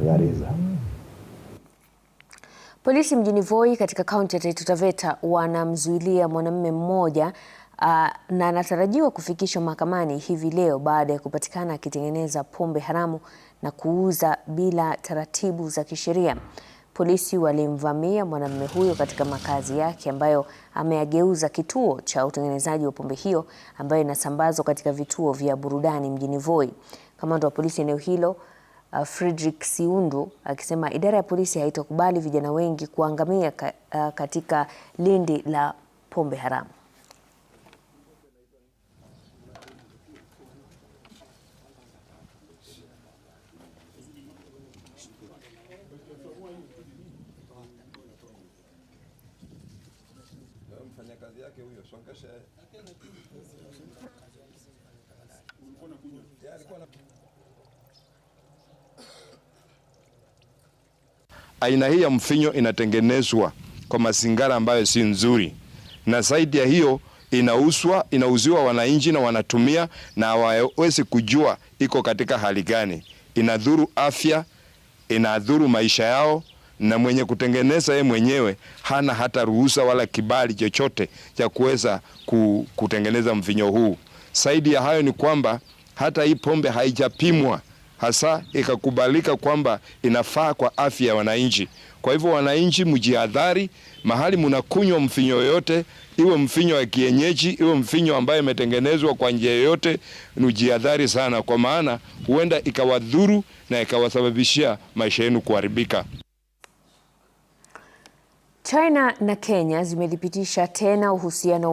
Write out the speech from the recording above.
Gareza. Polisi mjini Voi katika kaunti ya Taita Taveta wanamzuilia mwanamume mmoja uh, na anatarajiwa kufikishwa mahakamani hivi leo baada ya kupatikana akitengeneza pombe haramu na kuuza bila taratibu za kisheria. Polisi walimvamia mwanamume huyo katika makazi yake ambayo ameageuza kituo cha utengenezaji wa pombe hiyo ambayo inasambazwa katika vituo vya burudani mjini Voi. Kamanda wa polisi eneo hilo uh, Siundu akisema idara ya polisi haitokubali vijana wengi kuangamia uh, katika lindi la pombe haramu. aina hii ya mvinyo inatengenezwa kwa mazingara ambayo si nzuri, na zaidi ya hiyo inauswa inauziwa wananchi na wanatumia na hawawezi kujua iko katika hali gani. Inadhuru afya, inadhuru maisha yao, na mwenye kutengeneza yeye mwenyewe hana hata ruhusa wala kibali chochote cha kuweza kutengeneza mvinyo huu. Zaidi ya hayo ni kwamba hata hii pombe haijapimwa hasa ikakubalika kwamba inafaa kwa afya ya wananchi. Kwa hivyo, wananchi mjihadhari, mahali mnakunywa mfinyo yoyote, iwe mfinyo wa kienyeji, iwe mfinyo ambaye imetengenezwa kwa njia yoyote, nujihadhari sana, kwa maana huenda ikawadhuru na ikawasababishia maisha yenu kuharibika. China na Kenya zimethibitisha tena uhusiano